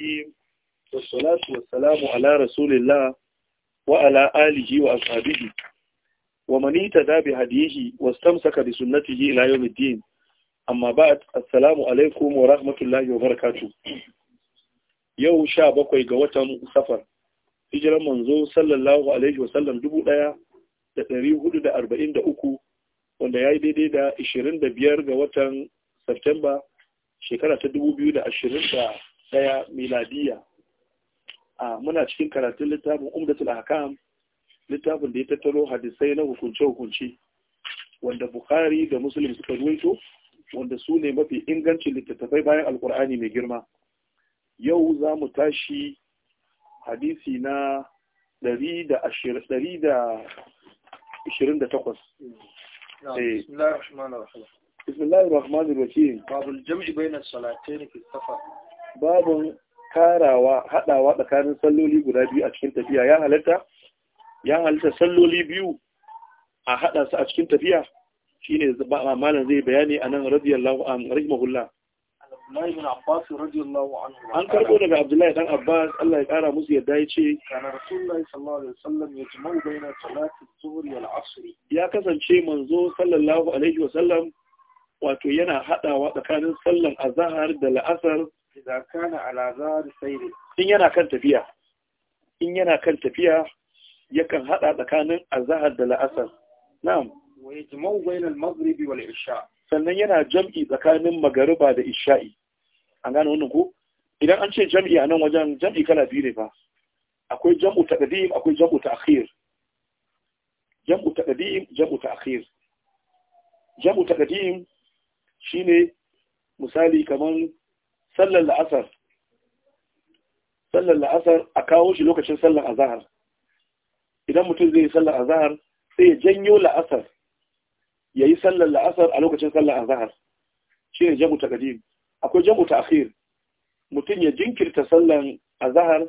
الحكيم والصلاة والسلام على رسول الله وعلى آله وأصحابه ومن اهتدى بهديه واستمسك بسنته إلى يوم الدين أما بعد السلام عليكم ورحمة الله وبركاته يو شابك ويقوتم سفر hijiran manzo sallallahu alaihi wasallam dubu ɗaya da ɗari hudu da arba'in da uku wanda ya yi daidai da ishirin da biyar ga watan Satumba shekara ta dubu biyu da ashirin da ɗaya miladiya a muna cikin karatun littafin umdatul ahkam littafin da ya tattaro hadisai na hukunce-hukunce wanda Bukhari da Muslim suka ruwaito wanda su ne mafi ingancin littattafai bayan Alkur'ani mai girma. Yau za mu tashi hadisi na 128. الله الرحمن الرحيم باب الجمع بين الصلاتين في السفر babun karawa haɗawa tsakanin salloli guda biyu a cikin tafiya ya halatta ya halatta salloli biyu a haɗa su a cikin tafiya shine malam zai bayani anan radiyallahu an rahimahullah an karbo daga abdullahi dan abbas Allah ya kara musu yadda ya ce kana rasulullahi sallallahu alaihi wasallam baina salati dhuhri wal asr ya kasance manzo sallallahu alaihi wasallam wato yana hadawa tsakanin sallan azhar da la'asar idan kana alazar zari sayri in yana kan tafiya in yana kan tafiya yakan hada tsakanin azhar da la'asar na'am wa yajma'u bayna al-maghrib wal isha sannan yana jam'i tsakanin magariba da isha'i an gane wannan ko idan an ce jam'i a nan wajen jam'i kala biyu ne fa akwai jam'u taqdim akwai jam'u ta'khir jam'u taqdim jam'u ta'khir jam'u taqdim shine misali kaman sallar la'asar sallar la'asar a kawo shi lokacin sallar azahar idan mutum zai yi sallar azahar sai ya janyo la'asar ya yi sallar la'asar a lokacin sallar azahar shi ne jamu ta ƙadim akwai jamu ta akhir mutum ya jinkirta sallar azahar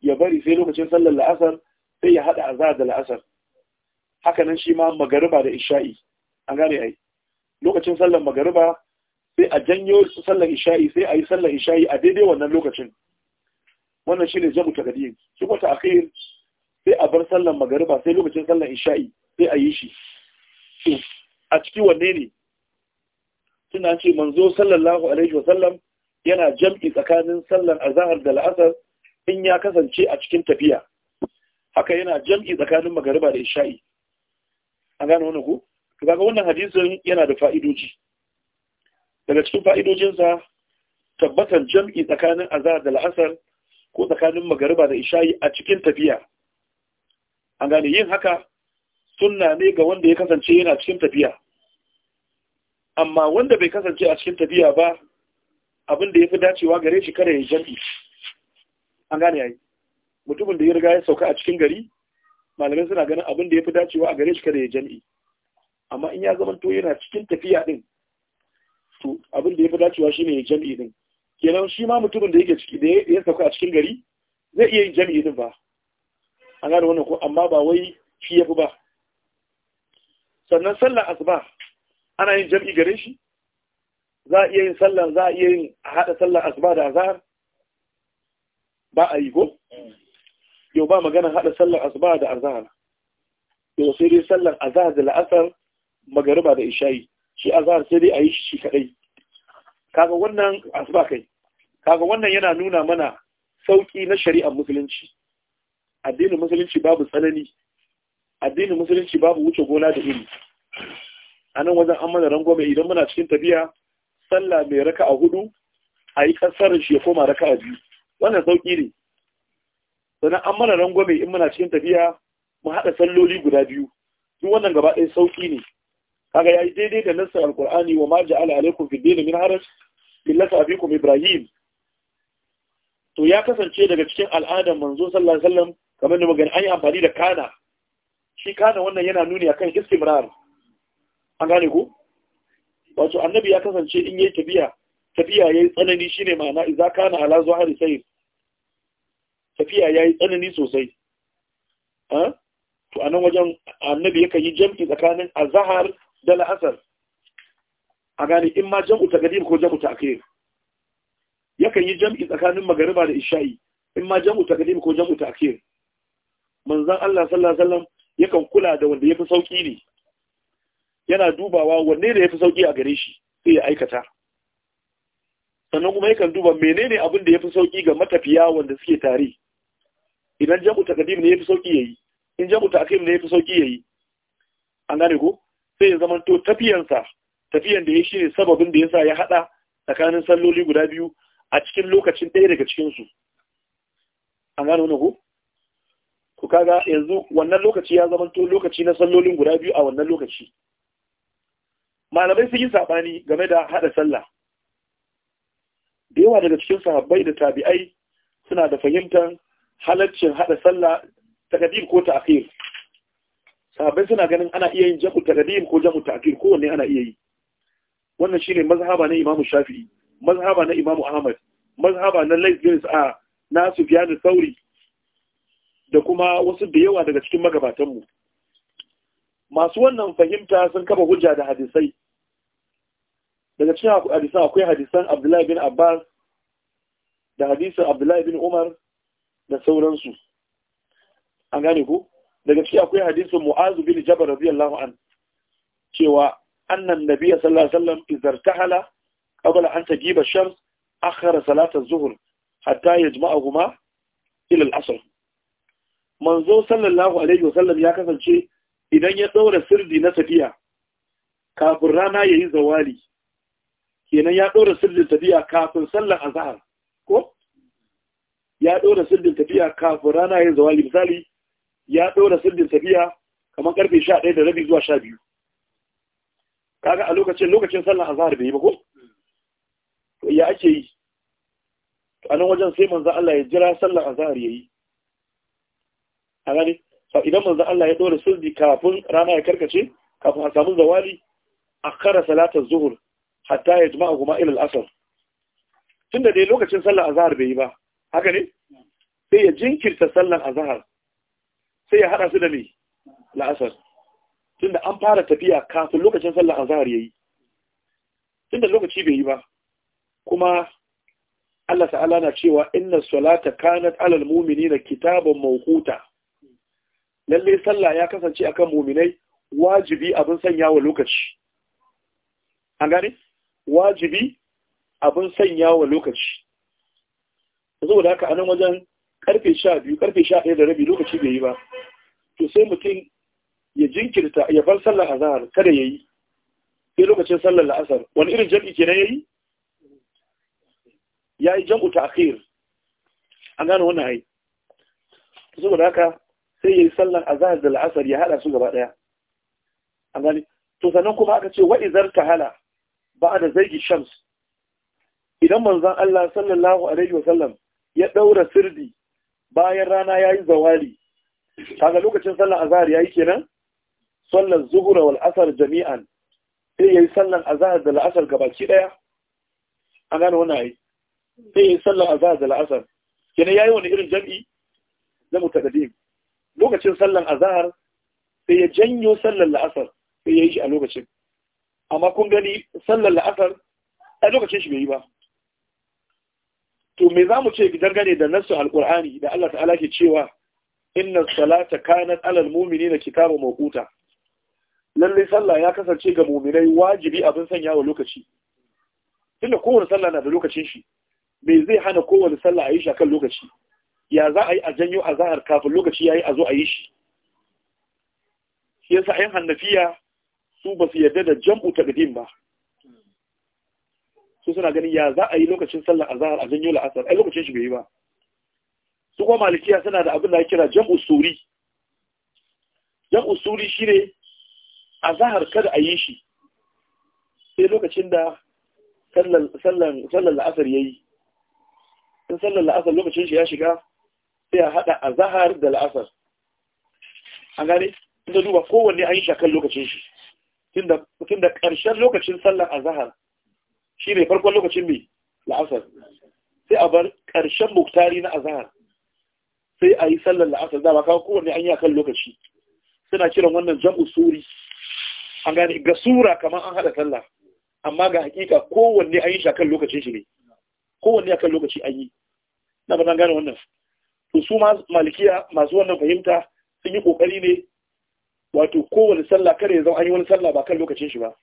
ya bari sai lokacin sallar la'asar sai ya haɗa azahar da la'asar Haka nan shi ma magariba da isha'i an gane ai lokacin sallar magariba sai a janyo sallar isha'i sai a yi sallar isha'i a daidai wannan lokacin wannan shi ne jamu takadiyar shi wata akhir sai a bar sallar magariba sai lokacin sallar isha'i sai a yi shi a ciki wanne ne suna ce manzo sallallahu alaihi wa sallam yana jam'i tsakanin sallar azahar da la'asar in ya kasance a cikin tafiya haka yana jam'i tsakanin magariba da isha'i an gane wannan ku kaga wannan hadisin yana da fa'idoji daga cikin fa'idojinsa tabbatar jam'i tsakanin Azar da la'asar ko tsakanin magariba da isha'i a cikin tafiya a gane yin haka suna ne ga wanda ya kasance yana cikin tafiya amma wanda bai kasance a cikin tafiya ba abin da ya fi dacewa gare shi kare ya jam'i a gane yayi mutumin da ya riga ya sauka a cikin gari malamai suna ganin abin da ya fi dacewa a gare shi kare ya jam'i amma in ya zama to yana cikin tafiya din to abin da ya fi dacewa shine ya jam'i din kenan shi ma mutumin da yake ciki da ya sauka a cikin gari zai iya yin jam'i din ba an gane wannan ko amma ba wai shi ya fi ba sannan sallar asuba ana yin jam'i gare shi za a iya yin sallar za a iya yin haɗa sallar asuba da azahar ba a yi ko yau ba magana haɗa sallar asuba da azahar yau sai dai sallar azahar da la'asar magariba da isha'i shi azhar sai dai a yi shi kaɗai. kaga wannan asuba kai kaga wannan yana nuna mana sauƙi na shari'ar musulunci addinin musulunci babu tsanani addinin musulunci babu wuce gona da iri a nan wajen an mana rangwame idan muna cikin tafiya sallah mai raka a hudu a yi kasarin shi ya koma raka a biyu wannan sauƙi ne sannan an mana rangwame in muna cikin tafiya mu haɗa salloli guda biyu duk wannan gaba ɗaya sauƙi ne kaga yayi daidai da nassar alqur'ani wa ma ja'ala alaikum fi din min haraj illata abikum ibrahim to ya kasance daga cikin al'adar manzo sallallahu alaihi wasallam kamar da magana an yi amfani da kana shi kana wannan yana nuni akan istimrar an gane ku wato annabi ya kasance in yayi tafiya tafiya yayi tsanani shine ma'ana idza kana ala zuhari sai tafiya yayi tsanani sosai to anan wajen annabi yakan yi jam'i tsakanin azhar da la'asar a gani in ma jam'u ta taqdim ko jam'u ta ta'khir yakan yi jam'i tsakanin magariba da isha'i in ma jam'u ta taqdim ko jam'u ta ta'khir manzon Allah sallallahu alaihi wasallam yakan kula da wanda yafi sauki ne yana dubawa wanne da yafi sauki a gare shi sai ya aikata sannan kuma yakan duba menene abin da yafi sauki ga matafiya wanda suke tare idan jam'u ta taqdim ne yafi sauki yayi in jam'u ta ta'khir ne yafi sauki yayi an gane ko sai ya zamanto tafiyansa tafiyan da ya shi ne sababin da ya sa ya haɗa tsakanin salloli guda biyu a cikin lokacin ɗaya daga cikinsu. A an gano na ku? ku kaga yanzu wannan lokaci ya zamanto lokaci na sallolin guda biyu a wannan lokaci malamai sun yi saɓani game da haɗa sallah da yawa daga cikin sahabbai da tabi'ai suna da fahimtar halaccin haɗa sallah ta ko ta'khir sahabbai suna ganin ana iya yin jamu taqdim ko jamu ta'khir ko wanne ana iya yi wannan shine mazhaba na Imam Shafi'i mazhaba na Imam Ahmad mazhaba na Layth bin Sa'a na Sufyan al-Thawri da kuma wasu da yawa daga cikin magabatan mu masu wannan fahimta sun kafa hujja da hadisai daga cikin hadisan akwai hadisan Abdullahi bin Abbas da hadisan Abdullahi bin Umar da sauransu an gane ku daga ciki akwai hadisin mu'azu bin jabal radiyallahu an cewa annan nabiyya sallallahu alaihi wasallam izartahala qabla an tajiba shams akhara salata zuhur hatta yajma'ahuma ila al-asr manzo sallallahu alaihi wasallam ya kasance idan ya daura sirdi na tafiya kafin rana yayi zawali kenan ya daura sirdin tafiya kafin sallar azhar ko ya daura sirdin tafiya kafin rana yayi zawali misali ya ɗora sirdin tafiya kamar ƙarfe sha ɗaya da rabi zuwa sha biyu kaga a lokacin lokacin sallar zahar bai yi ba ko to ya ake yi a nan wajen sai manzo Allah ya jira sallar ya yayi a gani to idan manzo Allah ya ɗora sirdi kafin rana ya karkace kafin a samu zawali a kara salatar zuhur hatta ya jima'a kuma ila asar tunda dai lokacin sallar zahar bai yi ba haka ne sai ya jinkirta sallar zahar. sai ya hada su da mai la'asar tunda an fara tafiya kafin lokacin sallar azhar yayi tunda lokaci bai yi ba kuma Allah ta'ala na cewa inna salata kanat alal mu'minina kitaban mawquta lalle sallah ya kasance akan mu'minai wajibi abin wa lokaci an gane wajibi abin wa lokaci saboda haka anan wajen karfe sha biyu karfe sha ɗaya da rabi lokaci bai yi ba to sai mutum ya jinkirta ya bar sallar azahar kada ya yi sai lokacin sallar la'asar wani irin jam'i kenan ya yi ya yi jam'u ta akhir an gano wannan ai saboda haka sai ya yi sallar azahar da la'asar ya haɗa su gaba ɗaya an gane to sannan kuma aka ce wa'izar ta hala ba da zaigi shams idan manzon Allah sallallahu alaihi wa sallam ya ɗaura sirdi bayan rana ya yi zawali kaga lokacin sallar ya yi kenan sallar zuhra wal asr jami'an sai ya yi sallar azahar da la'asar gabaki ɗaya, a gane wani ai sai ya yi sallar azahar da la'asar. kenan ya yi wani irin jami'i na mutaqaddim lokacin sallar azahar sai ya janyo sallar la'asar sai ya yi shi a lokacin amma kun gani sallar la'asar, a lokacin shi bai yi ba to me za mu ce dangane da nassu alkur'ani da Allah ta'ala ke cewa inna salata kanat alal mu'minina kitabu mawquta lalle sallah ya kasance ga mu'minai wajibi abin sanya wa lokaci tunda kowane sallah na da lokacin shi me zai hana kowane sallah a yi shi akan lokaci ya za a yi a janyo azahar kafin lokaci yayi a zo a yi shi shi yasa ayin hannafiya su ba su yarda da jam'u taqdim ba su suna ganin ya za a yi lokacin sallar azahar a janyo la'asar ai lokacin shi bai yi ba su kuma malikiya suna da abin da kira jan usuri jan usuri shine azahar kada a yi shi sai lokacin da sallar la'asar ya yi in sallar la'asar lokacin shi ya shiga sai a haɗa azahar da la'asar an gane inda duba kowanne an yi shakar lokacin shi tun da ƙarshen lokacin sallar azahar shi ne farkon lokacin mai la'asar sai a bar ƙarshen muktari na azahar sai a yi sallar la'asar za ba kawo kowane an yi akan lokaci suna kiran wannan jam'u suri an gane ga sura kamar an haɗa sallah amma ga hakika kowanne an yi shi akan lokacin shi ne kowanne akan lokaci an yi na ba gane wannan to su malikiya masu wannan fahimta sun yi kokari ne wato kowane sallah kare ya zama an yi wani sallah ba kan lokacin shi ba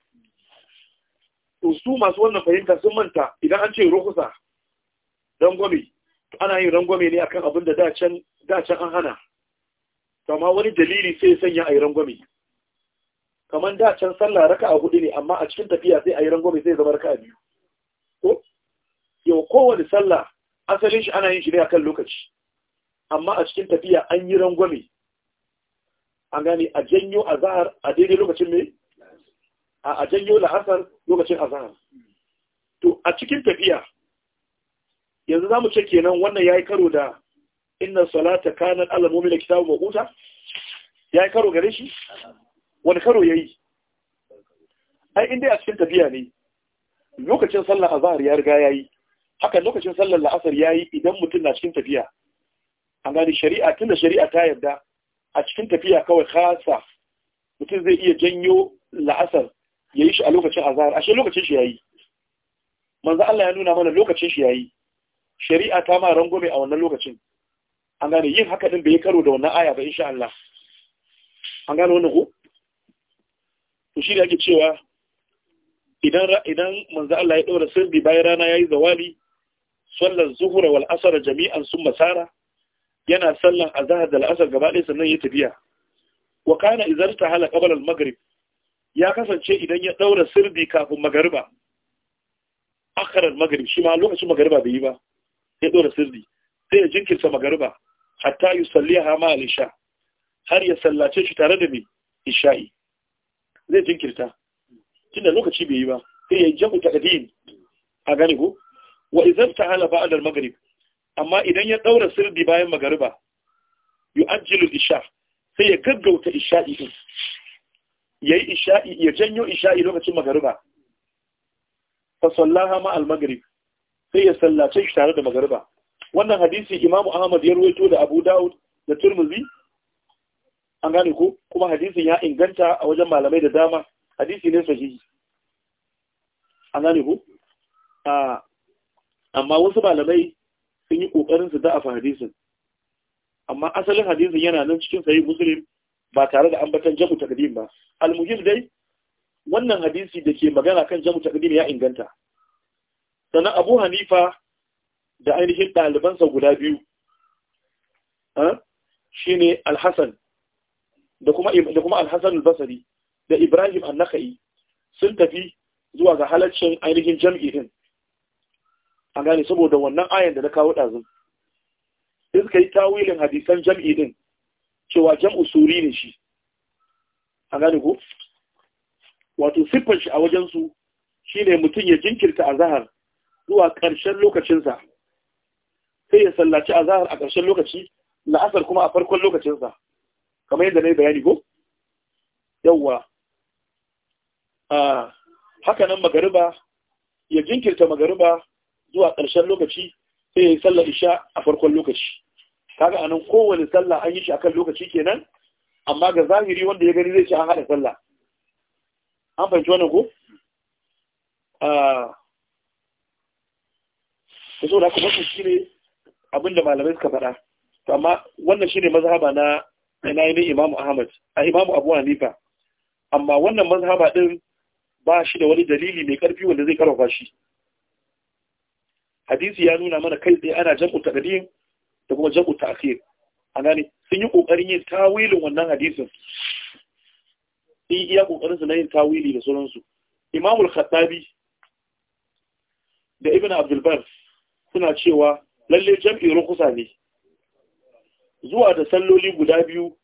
to su masu wannan fahimta sun manta idan an ce rukusa rangwame ana yin rangwame ne akan abin da dacen an hana kama wani dalili sai sanya a yi rangwame kaman dacen sallah raka a hudu ne amma a cikin tafiya sai a yi rangwame sai zama raka a biyu ko yau kowane sallah asalin shi ana yin shi ne akan lokaci amma a cikin tafiya an yi rangwame an gane a janyo a za'ar a daidai lokacin mai a janyo la'asar lokacin azahar to a cikin tafiya yanzu za mu ce kenan wannan ya yi karo da inna salata kanan alamomi da kitabu ma'uta? ya yi karo gare shi wani karo ya yi ai inda a cikin tafiya ne lokacin sallar azahar ya riga ya yi haka lokacin sallar la'asar ya yi idan mutum na cikin tafiya an gani shari'a tun da shari'a ta yarda a cikin tafiya kawai khasa mutum zai iya janyo la'asar ya yi shi a lokacin azahar ashe lokacin shi ya yi manzo Allah ya nuna mana lokacin shi ya yi shari'a ta ma rangwame a wannan lokacin an gane yin haka din bai karo da wannan aya ba insha Allah an gane wannan ko to shi da cewa idan idan manzo Allah ya daura sirri bayan rana ya yi zawali sallar zuhura wal asr jami'an summa sara yana sallan azhar da al'asar gaba ɗaya sannan ya tafiya wa kana ta hala qabla al-maghrib ya kasance idan ya daura sirdi kafin magariba akharar magrib shi ma lokacin magariba bai yi ba ya daura sirdi sai ya jinkirta magariba hatta yusalliha ma al-isha har ya sallace shi tare da mai isha'i zai jinkirta tunda lokaci bai yi ba sai ya jabu taqdim a gani ko wa idan hala ba al-maghrib amma idan ya daura sirdi bayan magariba yu'ajjilu isha sai ya gaggauta isha'i din yayi isha'i ya janyo isha'i lokacin magariba fa sallaha ma al-maghrib sai ya sallace shi tare da magariba wannan hadisi Imam Ahmad ya ruwaito da Abu Dawud da Tirmidhi an gane ko kuma hadisin ya inganta a wajen malamai da dama hadisi ne sahihi an gane ko amma wasu malamai sun yi kokarin su da'afa hadisin amma asalin hadisin yana nan cikin sahihi Muslim ba tare da ambatan jamu taqdim ba almuhim dai wannan hadisi da ke magana kan jamu taqdim ya inganta sannan Abu Hanifa da ainihin ɗalibansa guda biyu shine ne Alhassan da kuma da kuma da Ibrahim an-Nakhai sun tafi zuwa ga halaccin ainihin jam'i din A gane saboda wannan ayan da na kawo In ka yi tawilin hadisan jam'i din cewa jam'u suri ne shi A gani ko wato siffar shi a wajensu shi ne mutum ya jinkirta a zahar zuwa ƙarshen lokacinsa sai ya sallaci a zahar a ƙarshen lokaci la'asar kuma a farkon lokacinsa kamar yadda na yi bayani ko yawwa haka nan magariba ya jinkirta magariba zuwa ƙarshen lokaci sai ya yi sallar isha a farkon lokaci kaga anan kowane sallah an yi shi akan lokaci kenan amma ga zahiri wanda ya gani zai ce an haɗa sallah an fahimci wannan ko ah, da so da kuma su shi ne abinda malamai suka faɗa to amma wannan shi ne mazhaba na ne imamu ahmad a imamu abu hanifa amma wannan mazhaba din ba shi da wani dalili mai ƙarfi wanda zai karfafa shi hadisi ya nuna mana kai tsaye ana jam'u taqdim da kuma ta ta'khir A gane sun yi kokarin yin tawilin wannan hadisin sun yi iya kokarin su na yin tawili da sauransu Imam al-Khattabi da Ibn Abdul Bar suna cewa lalle jam'i kusa ne zuwa da salloli guda biyu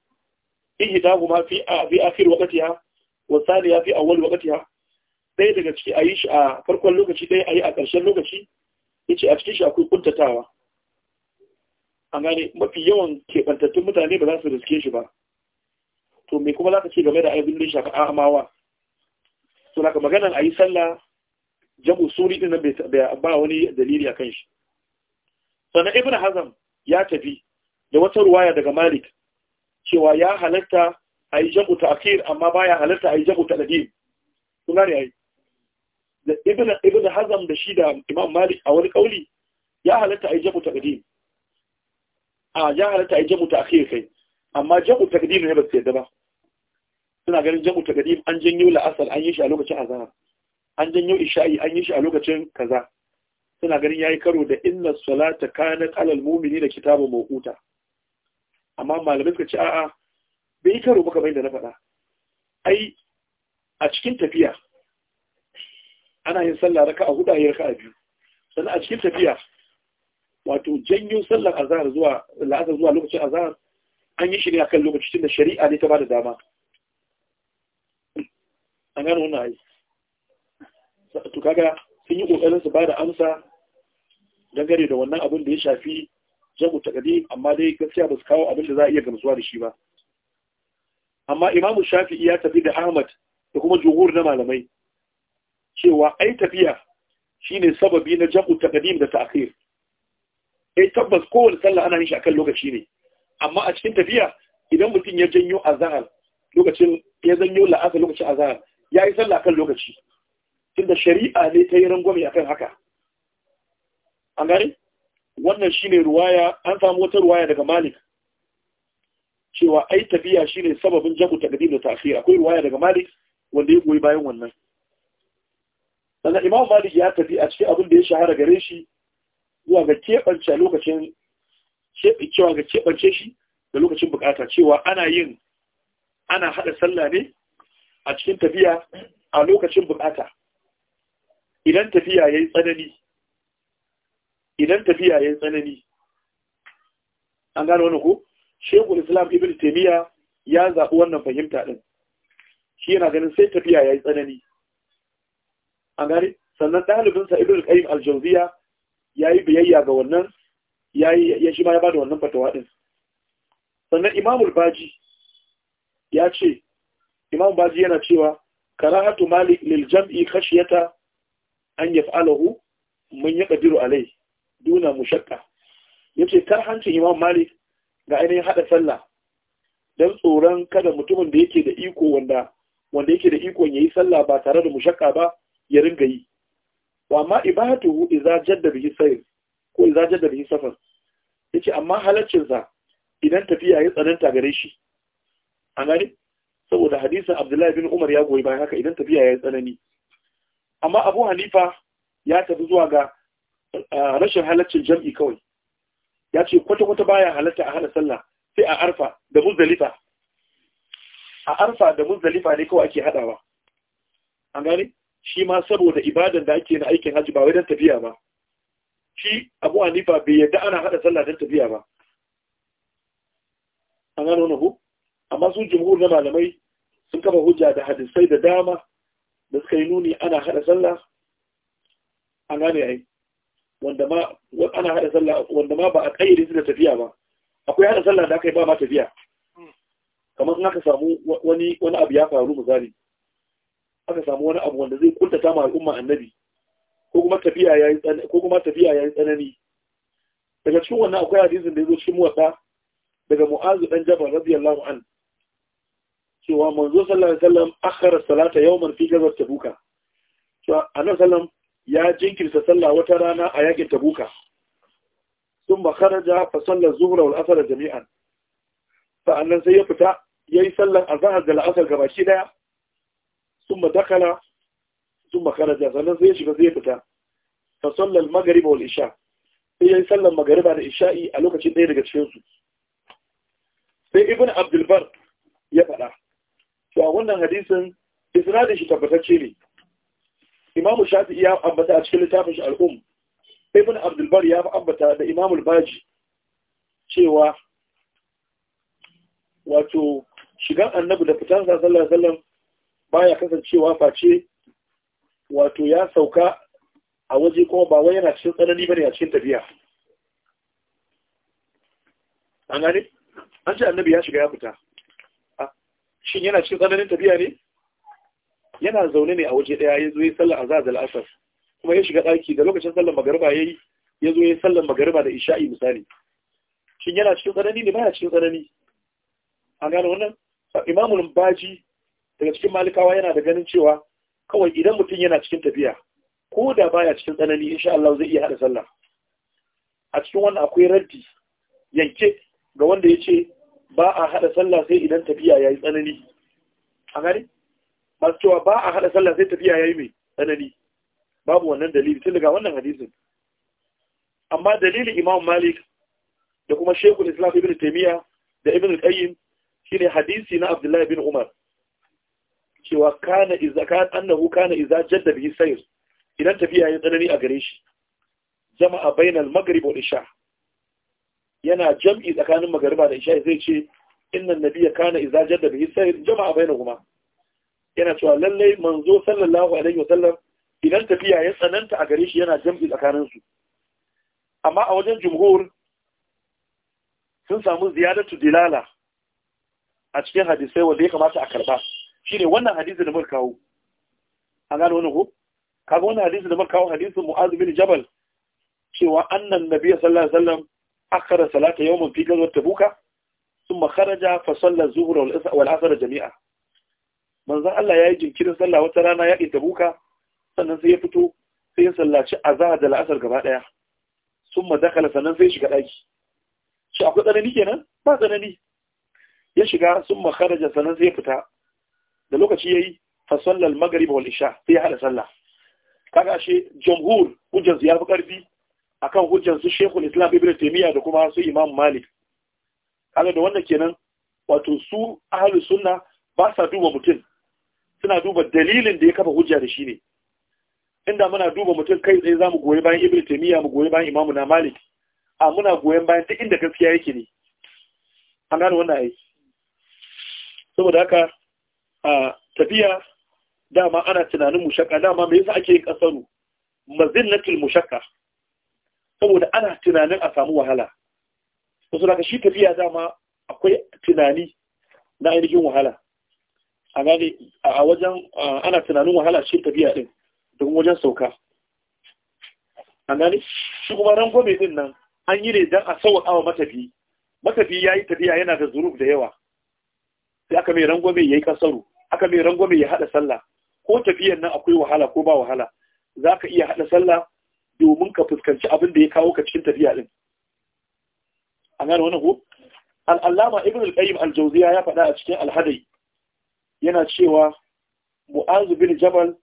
ihdahuma fi fi akhir waqtiha wa thaniya fi awwal waqtiha Sai daga ciki yi shi a farkon lokaci dai ayi a ƙarshen lokaci yace a cikin shi akwai kuntatawa an gane mafi yawan keɓantattun mutane ba za su riske shi ba to me kuma za ka ce game da abin da shafi amawa to ka magana a yi sallah jamu suri ɗin nan ba wani dalili a kan shi sannan ibn hazam ya tafi da wata ruwaya daga malik cewa ya halatta a yi jamu akir amma ba ya halatta a yi jamu ta'dim kun gane ai da ibn hazam da shi da imam malik a wani ƙauli ya halatta a yi jamu ta'dim a ya ta yi jamu ta'khir kai amma jamu taqdim ne ba su yadda ba suna ganin jamu taqdim an janyo la'asar an yi shi a lokacin azhar an janyo isha'i an yi shi a lokacin kaza suna ganin ya yi karo da inna salata kanat alal da kitabun mawquta amma malamai suka ce a'a bai karo maka bai da na faɗa ai a cikin tafiya ana yin sallah raka a hudu a yi raka a biyu sannan a cikin tafiya wato janyo sallar azhar zuwa la'asar zuwa lokacin azhar an yi shirya kan lokaci tunda shari'a ne ta ba da dama an gano wannan ayi to kaga sun yi kokarin su da amsa dangane da wannan abin da ya shafi ta kadi amma dai gaskiya ba su kawo abin da za a iya gamsuwa da shi ba amma imamu shafi'i ya tafi da ahmad da kuma jumhur na malamai cewa ai tafiya shine sababi na jamu taqdim da ta'khir eh tabbas kowane sallah ana yin shi akan lokaci ne amma a cikin tafiya idan mutum ya janyo azhar lokacin ya zanyo la'asa lokacin azhar ya yi sallah akan lokaci tunda shari'a ne ta yi rangwame akan haka an gane wannan shine ruwaya an samu wata ruwaya daga malik cewa ai tafiya shine sababin jabu taqdim da ta'khir akwai ruwaya daga malik wanda ya goyi bayan wannan sannan imam malik ya tafi a cikin abin da ya shahara gare shi zuwa ga keɓance lokacin cewa ga keɓance shi da lokacin bukata cewa ana yin ana haɗa sallah ne a cikin tafiya a lokacin bukata idan tafiya ya yi tsanani idan tafiya ya tsanani an gano wani ko shekul islam ibn taimiyya ya zaɓi wannan fahimta ɗin shi yana ganin sai tafiya ya yi tsanani an gane sannan ɗalibinsa ibn al-qayyim al-jawziya ya yi biyayya ga wannan ya shi ma ya ba wannan fatawa ɗin sannan imamul baji ya ce imamul baji yana cewa karahatu malik lil jam'i khashiyata an yaf'alahu mun ya kadiru alai duna mushakka kar hancin imam malik ga ainihin haɗa sallah dan tsoron kada mutumin da yake da iko wanda wanda yake da ikon yayi sallah ba tare da mushakka ba ya ringa yi wa ma ibahatuhu idza jadda bihi sayr ko idza jadda bihi safar yace amma halaccin sa idan tafiya ya tsananta gare shi an gane saboda hadisin Abdullahi bin Umar ya goyi bayan haka idan tafiya ya tsanani amma Abu Hanifa ya tafi zuwa ga rashin halaccin jam'i kawai ya ce kwata-kwata baya halatta a hada sallah sai a arfa da muzdalifa a arfa da muzdalifa ne kawai ake hadawa an gane shi ma saboda ibadan da ake na aikin haji ba wai don tafiya ba shi abu nifa bai yadda ana haɗa sallah don tafiya ba an gano na hu amma sun jumhur na malamai sun kafa hujja da hadisai da dama da suka yi nuni ana haɗa sallah an gane ai wanda ma ana haɗa sallah wanda ma ba a ƙayyade su da tafiya ba akwai haɗa sallah da aka yi ba ma tafiya hmm. kamar in aka samu wani wani abu ya faru misali aka samu wani abu wanda zai kuntata ma al'umma annabi ko kuma tafiya yayi ko kuma tafiya yayi tsanani daga cikin wannan akwai hadisin da yazo cikin muwatta daga mu'azu bin jabal radiyallahu an cewa manzo sallallahu alaihi wasallam akhara salata yawman fi gazat tabuka cewa annabi sallam ya jinkirta sallah wata rana a yakin tabuka ba kharaja fa salla zuhra wal asr jami'an fa annan sai ya fita yayi sallar azhar da al'asr shi daya ثم دخل ثم خرج sannan sai ya shiga فتا فصلى fita والعشاء sallal صلى المغرب isha sai ya sallan magriba da isha'i a lokacin ɗaya daga cikin su sai ibn abdul ya faɗa a wannan hadisin isnadin shi tabbatacce ne imam shafi ya ambata a cikin littafin shi al'um ibn abdul bar ya ambata da imam al-baji cewa wato shigan annabi da fitan sa sallallahu alaihi wasallam baya kasancewa face wato ya sauka a waje kuma ba wai yana cikin tsanani bane a cikin tafiya an gane an ce annabi ya shiga ya fita shin yana cikin tsananin tafiya ne yana zaune ne a waje daya ya zo ya sallar a zazal asr kuma ya shiga daki da lokacin sallar magariba yayi ya zo ya sallar magariba da isha'i misali shin yana cikin tsanani ne ba ya cikin tsanani an gane wannan imamul baji daga cikin malikawa yana da ganin cewa kawai idan mutum yana cikin tafiya ko da baya cikin tsanani insha Allah zai iya hada sallah a cikin wannan akwai raddi yanke ga wanda ya ce ba a hada sallah sai idan tafiya yayi tsanani a gani masu cewa ba a hada sallah sai tafiya yayi mai tsanani babu wannan dalili tun daga wannan hadisin amma dalilin Imam Malik da kuma shekul Islam Ibn taimiyya da Ibn Qayyim shine hadisi na Abdullahi bin Umar cewa kana iza kan annahu kana iza jadda bihi sayr idan tafiya ya tsanani a gare shi jama'a bainal maghrib wal isha yana jam'i tsakanin magriba da isha zai ce innan nabiyya kana iza jadda bihi sayr jama'a bainahuma yana cewa lalle manzo sallallahu alaihi wasallam idan tafiya ya tsananta a gare shi yana jam'i tsakanin su amma a wajen jumhur sun samu ziyadatu dilala a cikin hadisai wanda ya kamata a karba shine wannan hadisin da muka kawo an gano wannan ko kaga wannan hadisin da muka kawo hadisin Mu'adh bin Jabal cewa annan nabi sallallahu alaihi wasallam akhara salata yawmin fi gazwat tabuka thumma kharaja fa salla zuhra wal asr jami'a manzon Allah yayi jinkirin sallah wata rana ya tabuka sannan sai ya fito sai ya sallaci azhar da al'asr gaba daya thumma dakala sannan sai ya shiga daki shi akwai tsanani kenan ba tsanani ya shiga thumma kharaja sannan sai ya fita da lokaci yayi fa sallal maghrib wal isha sai hada sallah kaga shi jumhur hujjar ziyar yafi karfi akan hujjar su shekhu Islam Ibn taymiya da kuma su Imam Malik kaga da wannan kenan wato su ahli sunna ba sa duba mutum suna duba dalilin da ya kafa hujja da shi ne inda muna duba mutum kai tsaye zamu mu goyi bayan ibn taimiyya mu goyi bayan imamu na malik a muna goyon bayan duk inda gaskiya yake ne an gane wannan aiki saboda haka a tafiya dama ana tunanin mushakka dama me yasa ake yin kasaru mazinnatul mushakka saboda ana tunanin a samu wahala wasu daga shi tafiya dama akwai tunani na ainihin wahala a gane a wajen ana tunanin wahala shi tafiya din da wajen sauka a gane shi kuma rangwame din nan an yi ne don a sauƙa matafi matafi ya yi tafiya yana da zuruf da yawa sai aka mai rangwame ya yi kasaru aka mai rangwame ya haɗa sallah ko tafiyan nan akwai wahala ko ba wahala za ka iya haɗa sallah domin ka fuskanci abin da ya kawo ka cikin tafiya ɗin A gane wani ko al'allama ibn al-qayyim al-jawziya ya faɗa a cikin al yana cewa bin jabal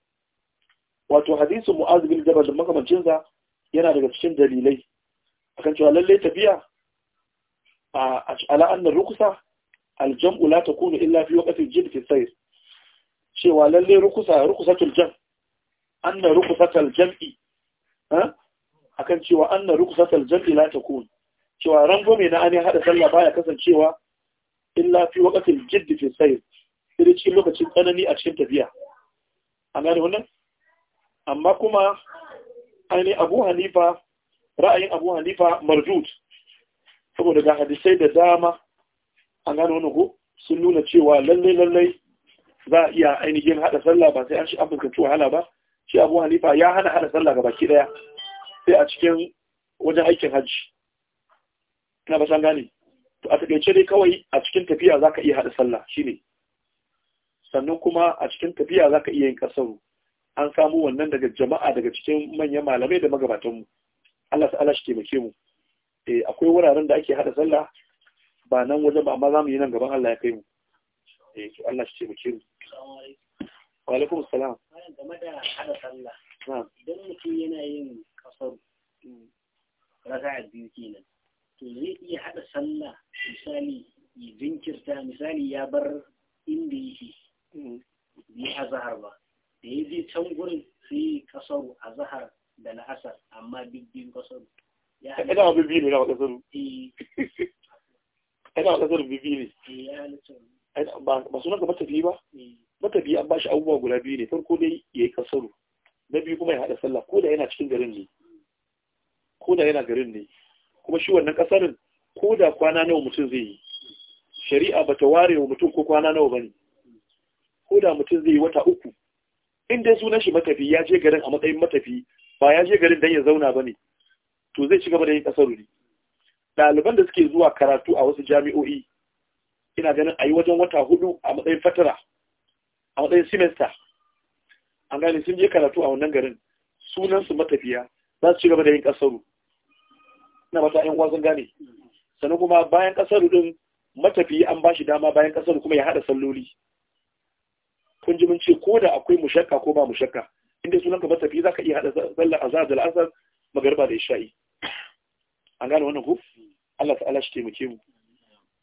wato hadisin mu'azu bin jabal da makamancin sa yana daga cikin dalilai akan cewa lalle tafiya a ala annar rukusa al-jam'u la takunu illa fi waqti al-jid sayr cewa lalle rukusa rukusatul jam anna rukusatul jam'i ha akan cewa anna rukusatul jam'i la takun cewa rangwame na an hada sallah baya kasancewa illa fi waqtil jidd fi sayr sai cikin lokacin tsanani a cikin tafiya an gane wannan amma kuma aini abu hanifa ra'ayin abu hanifa marjud saboda ga hadisai da dama an gane wani ko sun nuna cewa lalle lalle za a iya ainihin hada sallah ba sai an shi an wahala ba shi abu halifa ya hana hada sallah ga baki daya sai a cikin wajen aikin hajji ina ba san gane to a takaice dai kawai a cikin tafiya za ka iya hada sallah shi ne. sannan kuma a cikin tafiya za ka iya yin kasaru an samu wannan daga jama'a daga cikin manyan malamai da magabatanmu Allah ta'ala shi taimake mu eh, akwai wuraren da ake hada sallah ba nan wajen ba amma za mu yi nan gaban Allah ya kai mu eh, Allah shi taimake mu Wa alaikum salam. game da hada sallah. Idan mutum yana yin kasar raka'a biyu kenan. To zai iya hada sallah misali ya jinkirta misali ya bar inda yake. Bai a zahar ba. Da ya je can gurin sai kasar a zahar da na asar amma duk biyu kasar. Ina wa bibi ne na wa kasar. Ina wa kasar bibi ne. Ya halitta. ba sunan ka matafi ba eh. matafi an bashi abubuwa guda biyu ne farko dai ya yi kasaru na biyu kuma ya haɗa sallah ko da yana cikin garin ne ko da yana garin ne kuma shi wannan kasarin ko da kwana nawa mutum zai yi shari'a ba ta ware wa mutum ko kwana nawa bane ko da mutum zai yi wata uku in dai sunan shi matafi ya je garin a matsayin matafi ba ya je garin dan ya zauna bane to zai ci gaba da yin kasaru ne ɗaliban da suke zuwa karatu a wasu jami'o'i ina ganin a yi wajen wata hudu a matsayin fatara a matsayin simista. an gane sun je karatu a wannan garin sunansu matafiya za su ci gaba da yin kasaru ina mata yan wasan gane sannan kuma bayan kasaru din matafiya an ba shi dama bayan kasaru kuma ya hada salloli kun ji mun ce ko da akwai mushakka ko ba mushakka inda sunanka matafiya za ka iya hada sallar azhar da al'asar magarba da isha'i an gane wannan ku Allah ta'ala shi taimake mu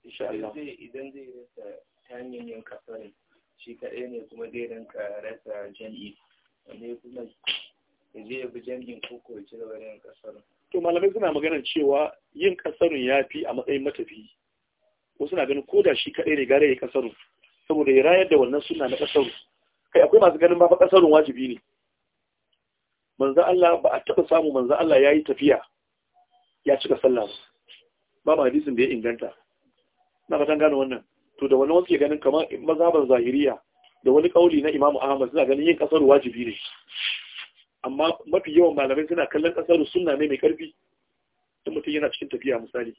idan zai rasa ta hanyar yin kasarin shi kaɗai ne kuma zai rinka rasa jam'i wanda kuma zai bi jam'in koko ya ci gaba da yin to malamai suna maganar cewa yin kasarin ya fi a matsayin matafi wasu na ganin ko da shi kaɗai ne gare ya kasarin saboda ya rayar da wannan suna na kasarin kai akwai masu ganin ba fa wajibi ne manzo Allah ba a taɓa samu manzo Allah ya yi tafiya ya cika sallah ba ba hadisin da ya inganta na fatan gane wannan to da wani wasu ke ganin kamar mazhabar zahiriya da wani kauli na imamu ahmad suna ganin yin kasar wajibi ne amma mafi yawan malamai suna kallon kasar sunna ne mai karfi in mutum yana cikin tafiya misali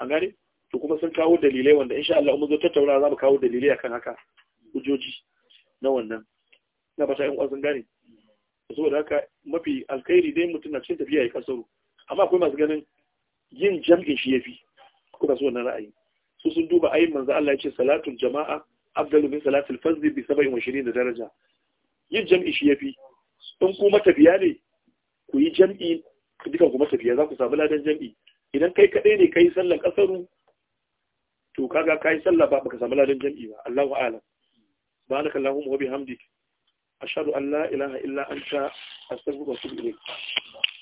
an gane to kuma sun kawo dalilai wanda insha Allah mun zo tattauna za mu kawo dalilai akan haka hujjoji na wannan na fata yan kwazon gane saboda haka mafi alkhairi dai mutum na cikin tafiya ya kasaro amma akwai masu ganin yin jam'in shi yafi kuka so wannan ra'ayi su sun duba ayin manzo Allah ya ce salatul jama'a afdalu min salatul fazli bi 27 daraja yin jam'i shi yafi in ku matafiya ne ku yi jam'i dukan ku matafiya za ku samu ladan jam'i idan kai kadai ne kai sallan kasaru to kaga kai sallah ba baka samu ladan jam'i ba Allahu a'lam subhanaka allahumma wa bihamdik ashhadu an la ilaha illa anta astaghfiruka wa atubu ilayk